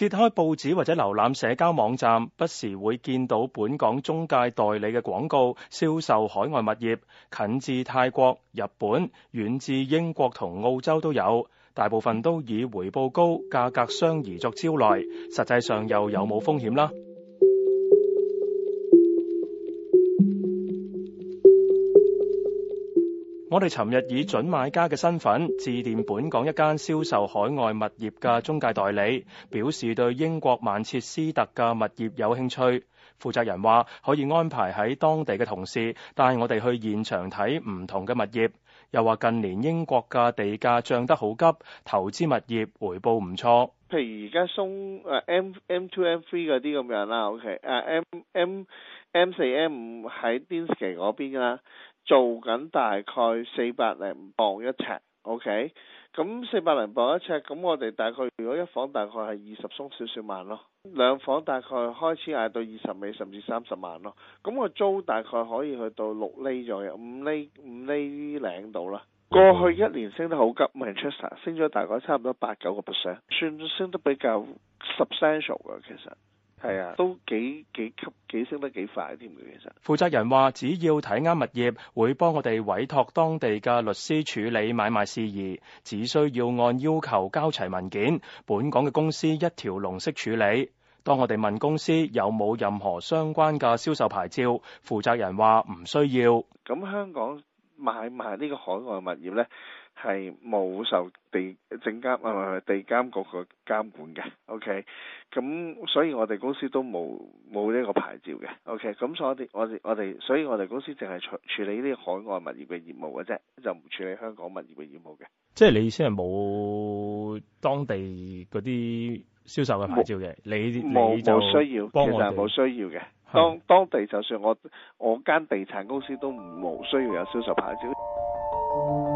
揭開報紙或者瀏覽社交網站，不時會見到本港中介代理嘅廣告，銷售海外物業，近至泰國、日本，遠至英國同澳洲都有，大部分都以回報高、價格相宜作招徠，實際上又有冇風險啦？我哋尋日以準買家嘅身份致電本港一間銷售海外物業嘅中介代理，表示對英國曼徹斯特嘅物業有興趣。負責人話可以安排喺當地嘅同事帶我哋去現場睇唔同嘅物業，又話近年英國嘅地價漲得好急，投資物業回報唔錯。譬如而家松 M M two M three 嗰啲咁樣啦，OK M M M 四 M 五喺 d i s n y 嗰邊啦。做緊大概四百零磅一尺，OK，咁四百零磅一尺，咁、okay? 我哋大概如果一房大概係二十鬆少少萬咯，兩房大概開始嗌到二十尾甚至三十萬咯，咁個租大概可以去到六厘左右，五厘五厘零到啦。過去一年升得好急，Manchester 升咗大概差唔多八九個 percent，算升得比較 substantial 嘅其實。係啊，都幾幾吸幾升得幾快添嘅，其實。負責人話：只要睇啱物業，會幫我哋委託當地嘅律師處理買賣事宜，只需要按要求交齊文件。本港嘅公司一條龍式處理。當我哋問公司有冇任何相關嘅銷售牌照，負責人話唔需要。咁香港買賣呢個海外物業呢？係冇受地證監唔唔唔地監局個監管嘅，OK，咁所以我哋公司都冇冇呢個牌照嘅，OK，咁所以我哋我哋所以我哋公司淨係處處理呢啲海外物業嘅業務嘅啫，就唔處理香港物業嘅業務嘅。即係你意思係冇當地嗰啲銷售嘅牌照嘅無，你冇需要，其實係冇需要嘅。當當地就算我我間地產公司都冇需要有銷售牌照。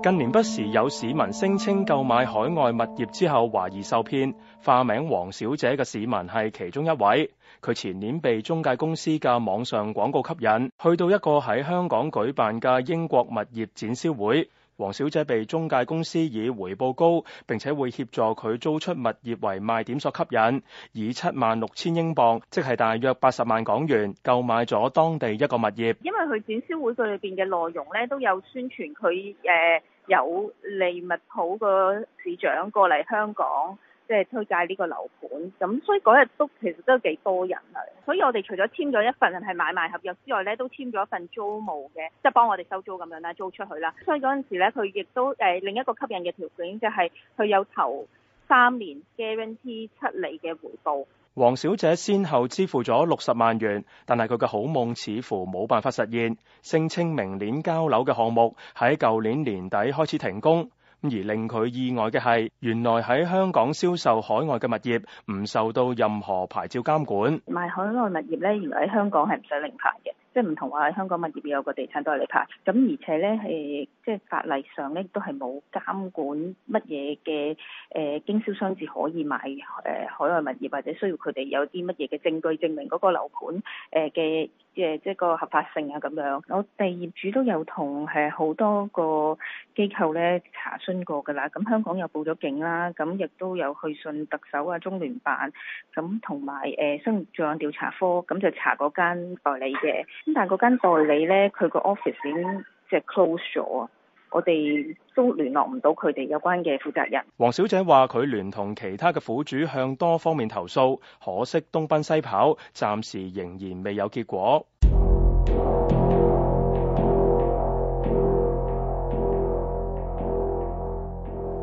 近年不時有市民聲稱購買海外物業之後懷疑受騙，化名黃小姐嘅市民係其中一位。佢前年被中介公司嘅網上廣告吸引，去到一個喺香港舉辦嘅英國物業展銷會。黃小姐被中介公司以回報高，並且會協助佢租出物業為賣點所吸引，以七萬六千英鎊，即係大約八十萬港元，購買咗當地一個物業。因為佢展銷會佢裏邊嘅內容咧，都有宣傳佢誒有利物浦個市長過嚟香港。即係推介呢個樓盤，咁所以嗰日都其實都幾多人啊！所以我哋除咗簽咗一份係買賣合約之外咧，都簽咗一份租務嘅，即係幫我哋收租咁樣啦，租出去啦。所以嗰陣時咧，佢亦都誒另一個吸引嘅條件就係佢有頭三年 guarantee 七厘嘅回報。王小姐先後支付咗六十萬元，但係佢嘅好夢似乎冇辦法實現，聲稱明年交樓嘅項目喺舊年年底開始停工。而令佢意外嘅係，原來喺香港銷售海外嘅物業唔受到任何牌照監管。賣海外物業咧，原來喺香港係唔使領牌嘅，即係唔同話喺香港物業有個地產代理牌。咁而且咧係、呃、即係法例上咧都係冇監管乜嘢嘅，誒，經銷商至可以買誒海外物業，或者需要佢哋有啲乜嘢嘅證據證明嗰個樓盤誒嘅。呃嘅即係個合法性啊咁樣，我哋業主都有同誒好多個機構咧查詢過㗎啦，咁香港又報咗警啦，咁亦都有去信特首啊、中聯辦，咁同埋誒商業罪案調查科，咁就查嗰間代理嘅，咁但係嗰間代理咧，佢個 office 已經即係 close 咗啊。我哋都聯絡唔到佢哋有關嘅負責人。黃小姐話：佢聯同其他嘅苦主向多方面投訴，可惜東奔西跑，暫時仍然未有結果。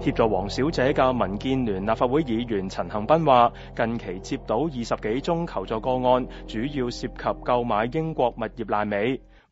協助黃小姐嘅民建聯立法會議員陳恒斌話：近期接到二十幾宗求助個案，主要涉及購買英國物業爛尾。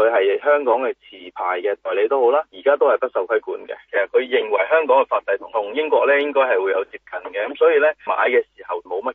佢係香港嘅持牌嘅代理好都好啦，而家都係不受規管嘅。其實佢認為香港嘅法制同英國咧應該係會有接近嘅，咁所以咧買嘅時候冇乜。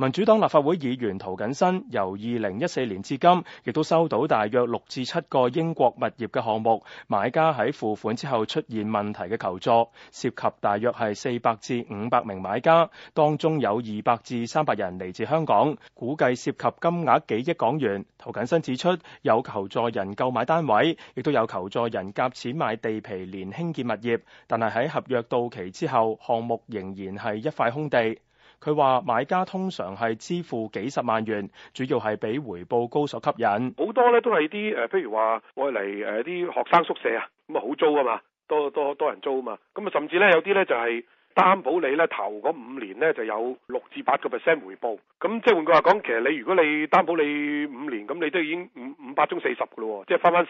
民主黨立法會議員涂謹申由二零一四年至今，亦都收到大約六至七個英國物業嘅項目，買家喺付款之後出現問題嘅求助，涉及大約係四百至五百名買家，當中有二百至三百人嚟自香港，估計涉及金額幾億港元。涂謹申指出，有求助人購買單位，亦都有求助人夾錢買地皮連興建物業，但係喺合約到期之後，項目仍然係一塊空地。佢話買家通常係支付幾十萬元，主要係俾回報高所吸引。好多咧都係啲誒，譬如話愛嚟誒啲學生宿舍啊，咁啊好租啊嘛，多多多人租啊嘛。咁啊，甚至咧有啲咧就係擔保你咧頭嗰五年咧就有六至八個 percent 回報。咁即係換句話講，其實你如果你擔保你五年，咁你都已經五五百中四十噶咯，即係翻翻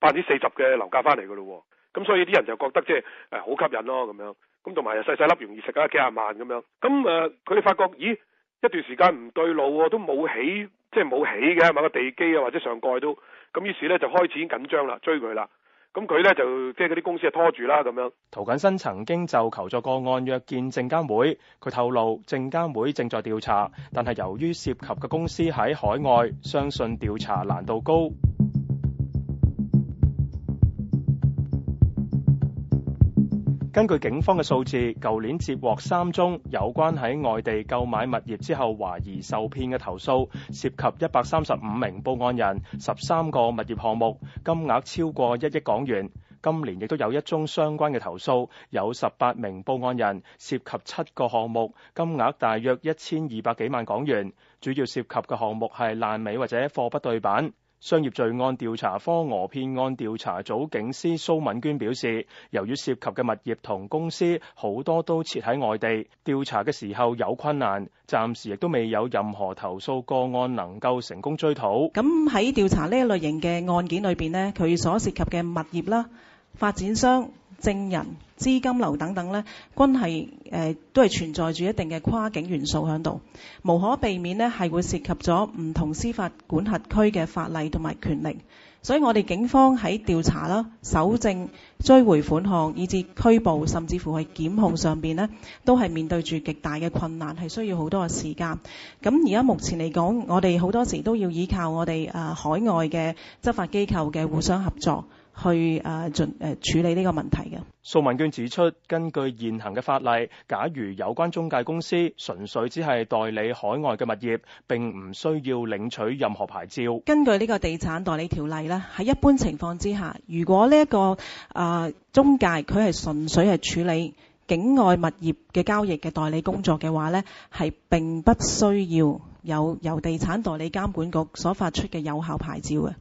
百分之四十嘅樓價翻嚟噶咯。咁所以啲人就覺得即係誒好吸引咯，咁樣。咁同埋又細細粒，小小容易食啊！幾廿萬咁樣咁誒，佢哋發覺咦一段時間唔對路喎，都冇起即係冇起嘅，買個地基啊，或者上蓋都咁，於是咧就開始已經緊張啦，追佢啦。咁佢咧就即係嗰啲公司就拖住啦咁樣。涂謹申曾經就求助個案約見證監會，佢透露證監會正在調查，但係由於涉及嘅公司喺海外，相信調查難度高。根據警方嘅數字，舊年接獲三宗有關喺外地購買物業之後懷疑受騙嘅投訴，涉及一百三十五名報案人，十三個物業項目，金額超過一億港元。今年亦都有一宗相關嘅投訴，有十八名報案人，涉及七個項目，金額大約一千二百幾萬港元，主要涉及嘅項目係爛尾或者貨不對版。商業罪案調查科訛騙案調查組警司蘇敏娟表示，由於涉及嘅物業同公司好多都設喺外地，調查嘅時候有困難，暫時亦都未有任何投訴個案能夠成功追討。咁喺調查呢一類型嘅案件裏邊呢，佢所涉及嘅物業啦、發展商、證人、資金流等等呢均係、呃、都係存在住一定嘅跨境元素喺度，無可避免呢係會涉及咗唔同司法管轄區嘅法例同埋權力，所以我哋警方喺調查啦、搜證、追回款項，以至拘捕，甚至乎係檢控上面呢，呢都係面對住極大嘅困難，係需要好多嘅時間。咁而家目前嚟講，我哋好多時都要依靠我哋、呃、海外嘅執法機構嘅互相合作。去啊，進處理呢個問題嘅。蘇文娟指出，根據現行嘅法例，假如有關中介公司純粹只係代理海外嘅物業，並唔需要領取任何牌照。根據呢個地產代理條例呢，喺一般情況之下，如果呢、這、一個啊中介佢係純粹係處理境外物業嘅交易嘅代理工作嘅話呢，係並不需要有由地產代理監管局所發出嘅有效牌照嘅。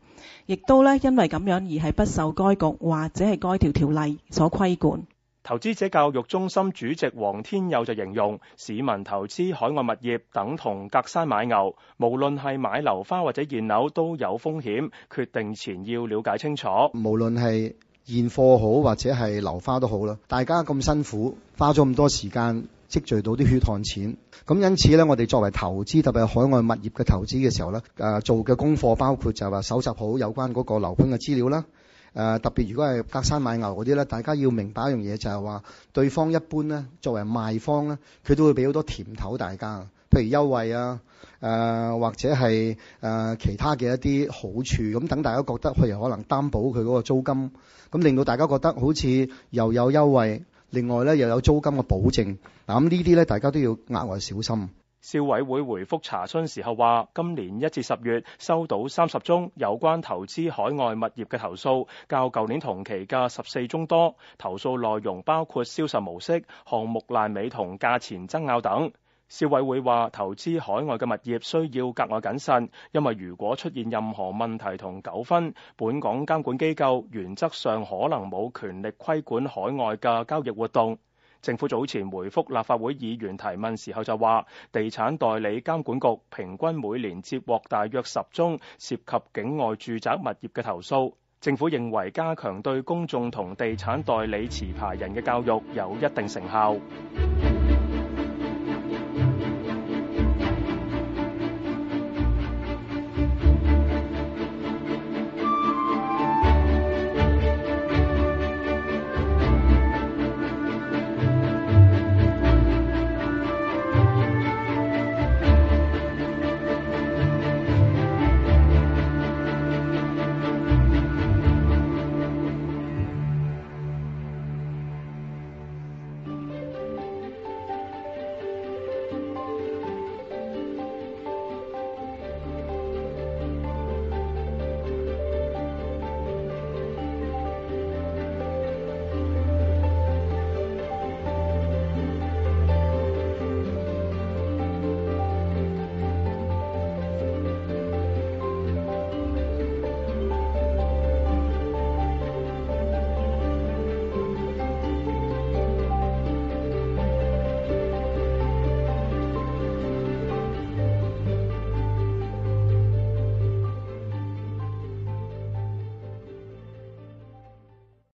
亦都咧，因為咁樣而係不受該局或者係該條條例所規管。投資者教育中心主席黃天佑就形容，市民投資海外物業等同隔山買牛，無論係買樓花或者現樓都有風險，決定前要了解清楚。無論係。現貨好或者係樓花都好啦，大家咁辛苦花咗咁多時間積聚到啲血汗錢，咁因此呢，我哋作為投資特別係海外物業嘅投資嘅時候呢、呃、做嘅功課包括就係話搜集好有關嗰個樓盤嘅資料啦、呃，特別如果係隔山買牛嗰啲呢，大家要明白一樣嘢就係話對方一般呢，作為賣方呢，佢都會俾好多甜頭大家。譬如優惠啊，誒、啊、或者係誒、啊、其他嘅一啲好處，咁等大家覺得佢可能擔保佢嗰個租金，咁令到大家覺得好似又有優惠，另外咧又有租金嘅保證。嗱、啊，咁呢啲咧大家都要額外小心。消委會回覆查詢時候話，今年一至十月收到三十宗有關投資海外物業嘅投訴，較舊年同期嘅十四宗多。投訴內容包括銷售模式、項目爛尾同價錢爭拗等。消委會話投資海外嘅物業需要格外謹慎，因為如果出現任何問題同糾紛，本港監管機構原則上可能冇權力規管海外嘅交易活動。政府早前回復立法會議員提問時候就話，地產代理監管局平均每年接獲大約十宗涉及境外住宅物業嘅投訴，政府認為加強對公眾同地產代理持牌人嘅教育有一定成效。